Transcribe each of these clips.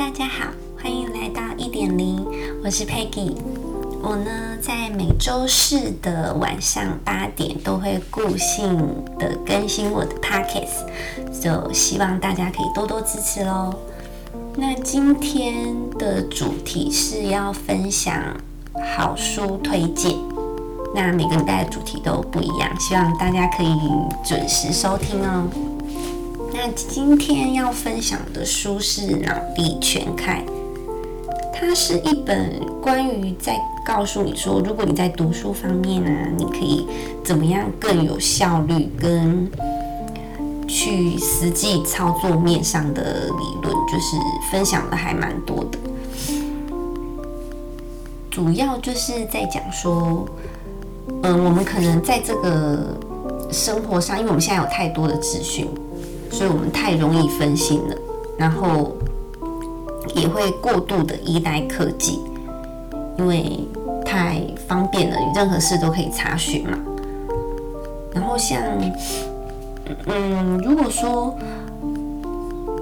大家好，歡迎來到一點零，我是 Peggy。我呢，在每周四的晚上八點都會固定的更新我的 packets、so，就希望大家可以多多支持嘍。那今天的主題是要分享好書推薦，那每個禮拜的主題都不一樣，希望大家可以準時收聽哦。那今天要分享的書是《腦力全開》，它是一本關於在告訴你說，如果你在讀書方面呢、啊，你可以怎麼樣更有效率，跟去實際操作面上的理論，就是分享的還蠻多的。主要就是在講說，嗯、呃，我們可能在這個生活上，因為我們現在有太多的資訊。所以我們太容易分心了，然後也會過度的依賴科技，因為太方便了，你任何事都可以查詢嘛。然後像，嗯，如果說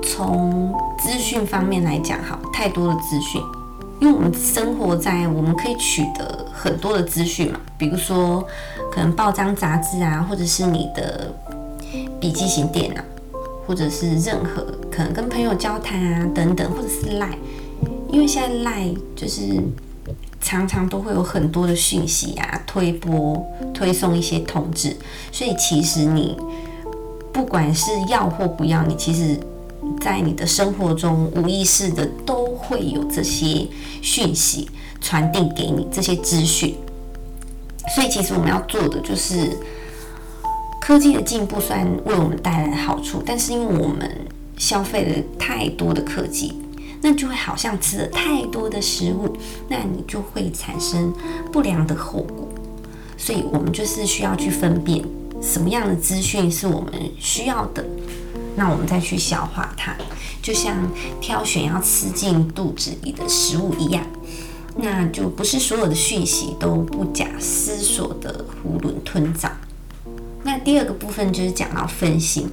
從資訊方面來講，哈，太多的資訊，因為我們生活在我們可以取得很多的資訊嘛，比如說可能報章、雜誌啊，或者是你的筆記型電腦。或者是任何可能跟朋友交談啊等等，或者是 LINE，因為現在 LINE 就是常常都會有很多的訊息啊，推播、推送一些通知，所以其實你不管是要或不要，你其實在你的生活中無意識的都會有這些訊息傳遞給你這些資訊，所以其實我們要做的就是。科技的進步雖然為我們帶來好處，但是因為我們消費了太多的科技，那就會好像吃了太多的食物，那你就會產生不良的後果。所以，我們就是需要去分辨什麼樣的資訊是我們需要的，那我們再去消化它，就像挑選要吃進肚子裡的食物一樣，那就不是所有的訊息都不假思索的囫圇吞棗。第二個部分就是講到分心。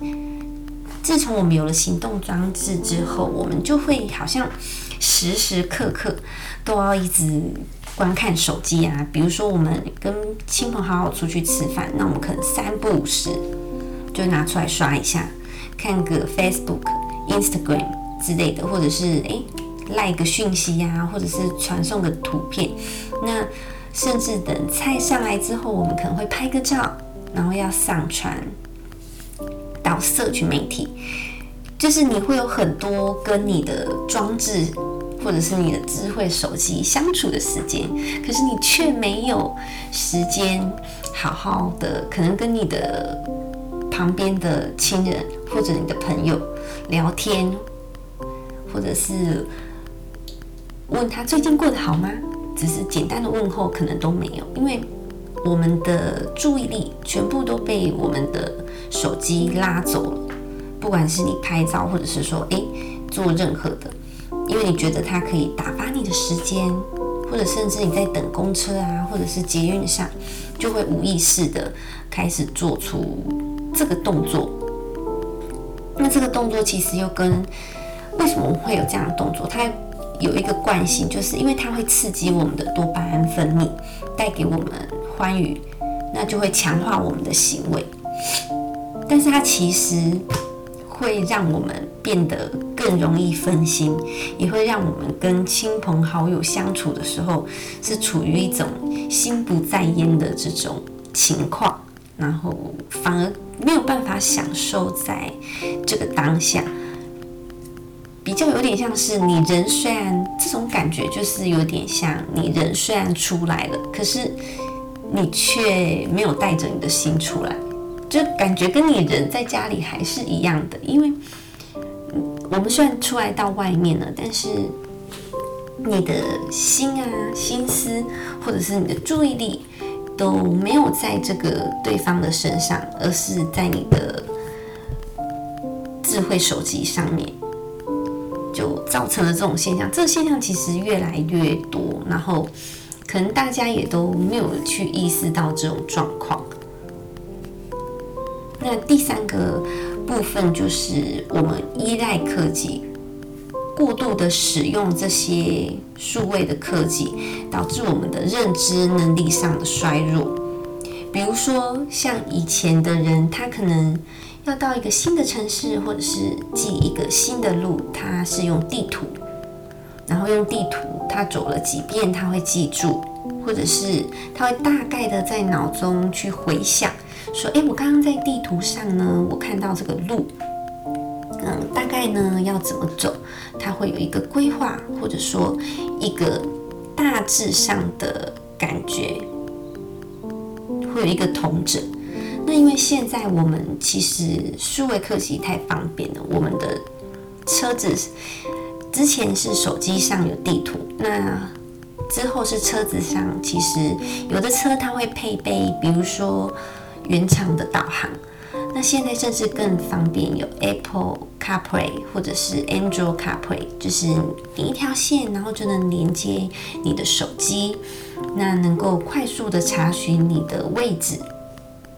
自從我們有了行動裝置之後，我們就會好像時時刻刻都要一直觀看手機啊。比如說，我們跟親朋好友出去吃飯，那我們可能三不五時就拿出來刷一下，看個 Facebook、Instagram 之類的，或者是哎 LINE 個訊息啊，或者是傳送個圖片。那甚至等菜上來之後，我們可能會拍個照。然後要上傳到社群媒體，就是你會有很多跟你的裝置或者是你的智慧手機相處的時間，可是你卻沒有時間好好的，可能跟你的旁邊的親人或者你的朋友聊天，或者是問他最近過得好嗎？只是簡單的問候可能都沒有，因為。我們的注意力全部都被我們的手機拉走了，不管是你拍照，或者是說哎做任何的，因為你覺得它可以打發你的時間，或者甚至你在等公車啊，或者是捷運上，就會無意識的開始做出這個動作。那這個動作其實又跟為什麼會有這樣的動作？它有一個慣性，就是因為它會刺激我們的多巴胺分泌，帶給我們。關於，那就會強化我們的行為，但是它其實會讓我們變得更容易分心，也會讓我們跟親朋好友相處的時候是處於一種心不在焉的這種情況，然後反而沒有辦法享受在這個當下，比較有點像是你人雖然，這種感覺就是有點像你人雖然出來了，可是。你卻沒有帶着你的心出來，就感覺跟你人在家裡還是一樣的。因為我們雖然出來到外面了，但是你的心啊、心思或者是你的注意力都沒有在這個對方的身上，而是在你的智慧手機上面，就造成了這種現象。這個現象其實越來越多，然後。可能大家也都沒有去意識到這種狀況。那第三個部分就是我們依賴科技，過度的使用這些數位的科技，導致我們的認知能力上的衰弱。比如說，像以前的人，他可能要到一個新的城市，或者是記一個新的路，他是用地圖，然後用地圖。他走了幾遍，他會記住，或者是他會大概的在腦中去回想，說，誒，我剛剛在地圖上呢，我看到這個路，嗯，大概呢要怎麼走，他會有一個規劃，或者說一個大致上的感覺，會有一個統整。那因為現在我們其實數位科技太方便了，我們的車子。之前是手機上有地圖，那之後是車子上，其實有的車它會配備，比如說原廠的導航。那現在甚至更方便，有 Apple CarPlay 或者是 Android CarPlay，就是一條線，然後就能連接你的手機，那能夠快速的查詢你的位置，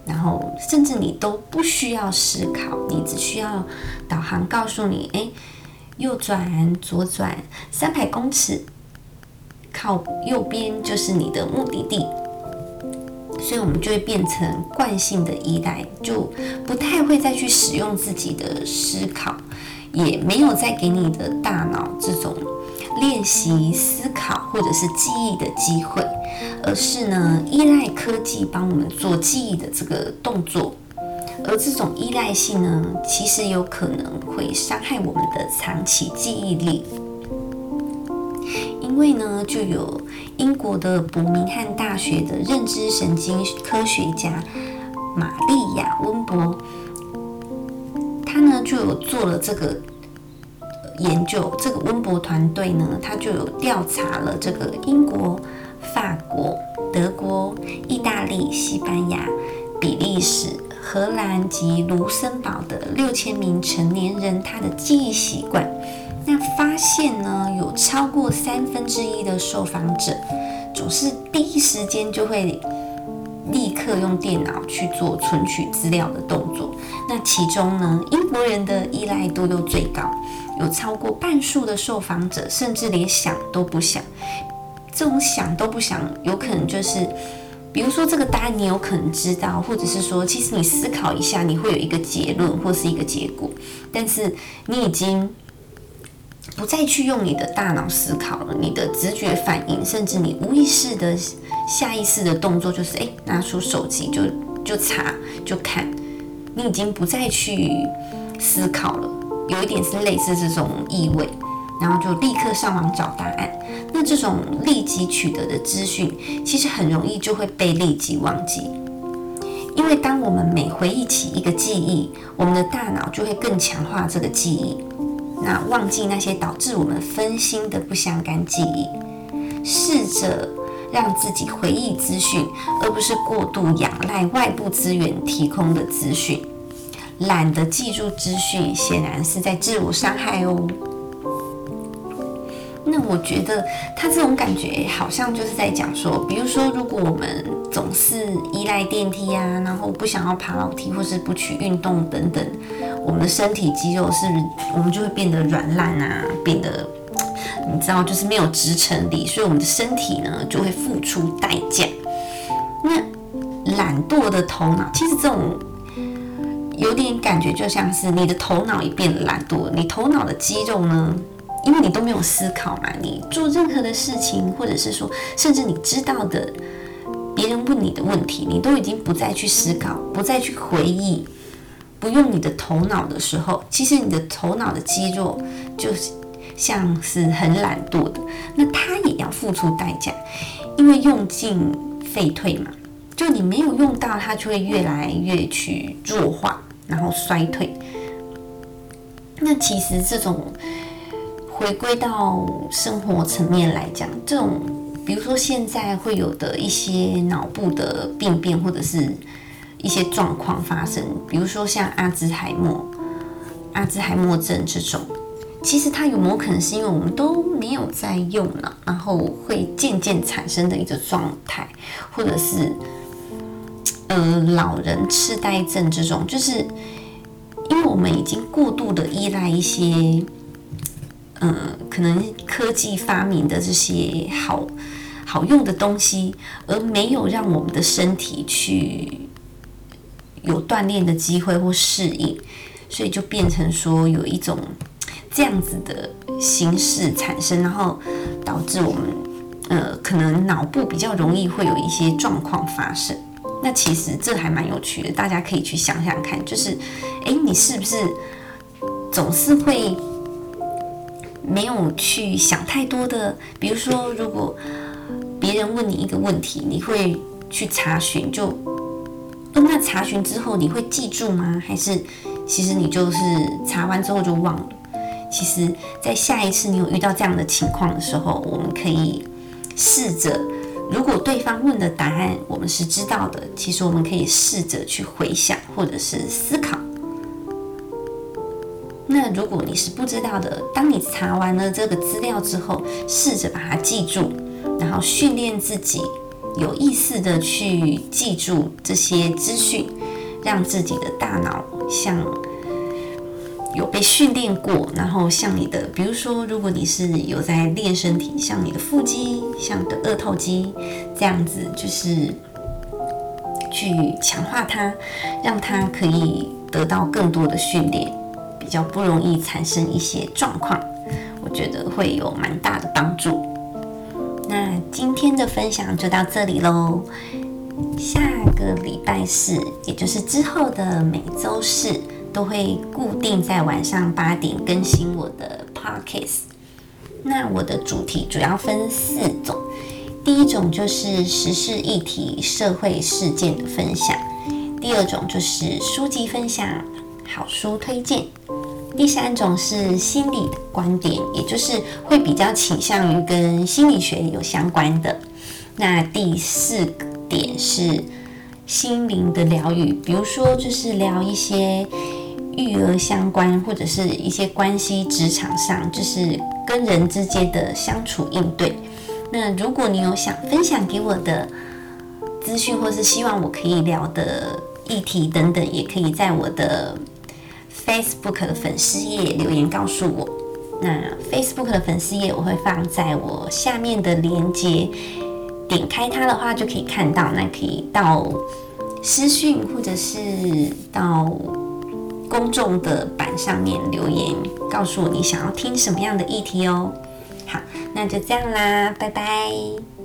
然後甚至你都不需要思考，你只需要導航告訴你，誒。右轉，左轉，三百公尺，靠右邊就是你的目的地。所以，我們就會變成慣性的依賴，就不太會再去使用自己的思考，也沒有再給你的大腦這種練習思考或者是記憶的機會，而是呢，依賴科技幫我們做記憶的這個動作。而這種依賴性呢，其實有可能會傷害我們的長期記憶力，因為呢，就有英國的伯明翰大學的認知神經科學家瑪利亞·溫博，他呢就有做了這個研究。這個溫博團隊呢，他就有調查了這個英國、法國、德國、意大利、西班牙、比利時。荷蘭及盧森堡的六千名成年人，他的記憶習慣，那發現呢，有超過三分之一的受訪者總是第一時間就會立刻用電腦去做存取資料的動作。那其中呢，英國人的依賴度又最高，有超過半數的受訪者甚至連想都不想。這種想都不想，有可能就是。比如說這個答案你有可能知道，或者是說，其實你思考一下，你會有一個結論或是一個結果，但是你已經不再去用你的大腦思考了，你的直覺反應，甚至你無意識的、下意識的動作，就是哎，拿出手機就就查，就看，你已經不再去思考了，有一點是類似這種意味。然後就立刻上網找答案。那這種立即取得的資訊，其實很容易就會被立即忘記。因為當我們每回憶起一個記憶，我們的大腦就會更強化這個記憶，那忘記那些導致我們分心的不相干記憶。試着讓自己回憶資訊，而不是過度仰賴外部資源提供的資訊。懶得記住資訊，顯然是在自我傷害哦。那我覺得他這種感覺好像就是在講說，比如說，如果我們總是依賴電梯啊，然後不想要爬樓梯，或是不去運動等等，我們的身體肌肉是不是，我們就會變得軟爛啊，變得你知道，就是沒有支撐力，所以我們的身體呢就會付出代價。那懶惰的頭腦，其實這種有點感覺就像是你的頭腦也變得懶惰，你頭腦的肌肉呢？因為你都沒有思考嘛，你做任何的事情，或者是說，甚至你知道的別人問你的問題，你都已經不再去思考，不再去回憶，不用你的頭腦的時候，其實你的頭腦的肌肉就是像是很懶惰的。那它也要付出代價，因為用進廢退嘛，就你沒有用到它，就會越來越去弱化，然後衰退。那其實這種。回歸到生活層面來講，這種比如說現在會有的一些腦部的病變，或者是一些狀況發生，比如說像阿茲海默、阿茲海默症這種，其實它有沒有可能是因為我們都沒有在用了啊，然後會漸漸產生的一個狀態，或者是呃老人痴呆症這種，就是因為我們已經過度的依賴一些。呃，可能科技發明的這些好好用的東西，而沒有讓我們的身體去有鍛鍊的機會或適應，所以就變成說有一種這樣子的形式產生，然後導致我們呃，可能腦部比較容易會有一些狀況發生。那其實這還蠻有趣的，大家可以去想想看，就是誒，你是不是總是會？沒有去想太多的，比如說，如果別人問你一個問題，你會去查詢，就、嗯、那查詢之後你會記住嗎？還是其實你就是查完之後就忘了？其實，在下一次你有遇到這樣的情況的時候，我們可以試着，如果對方問的答案我們是知道的，其實我們可以試着去回想或者是思考。那如果你是不知道的，當你查完了這個資料之後，試着把它記住，然後訓練自己有意識的去記住這些資訊，讓自己的大腦像有被訓練過，然後像你的，比如說，如果你是有在練身體，像你的腹肌，像你的二頭肌，這樣子就是去強化它，讓它可以得到更多的訓練。比較不容易產生一些狀況，我覺得會有蠻大的幫助。那今天的分享就到這裡嘍。下個禮拜四，也就是之後的每週四，都會固定在晚上八點更新我的 Podcast。那我的主題主要分四種，第一種就是時事議題、社會事件的分享；第二種就是書籍分享、好書推薦。第三種是心理觀點，也就是會比較傾向於跟心理學有相關的。那第四點是心靈的療癒，比如說就是聊一些育兒相關，或者是一些關係職場上，就是跟人之間的相處應對。那如果你有想分享給我的資訊，或是希望我可以聊的議題等等，也可以在我的。Facebook 的粉絲頁留言告訴我，那 Facebook 的粉絲頁我會放在我下面的連結，點開它的話就可以看到，那可以到私訊或者是到公眾的版上面留言告訴我你想要聽什麼樣的議題哦。好，那就這樣啦，拜拜。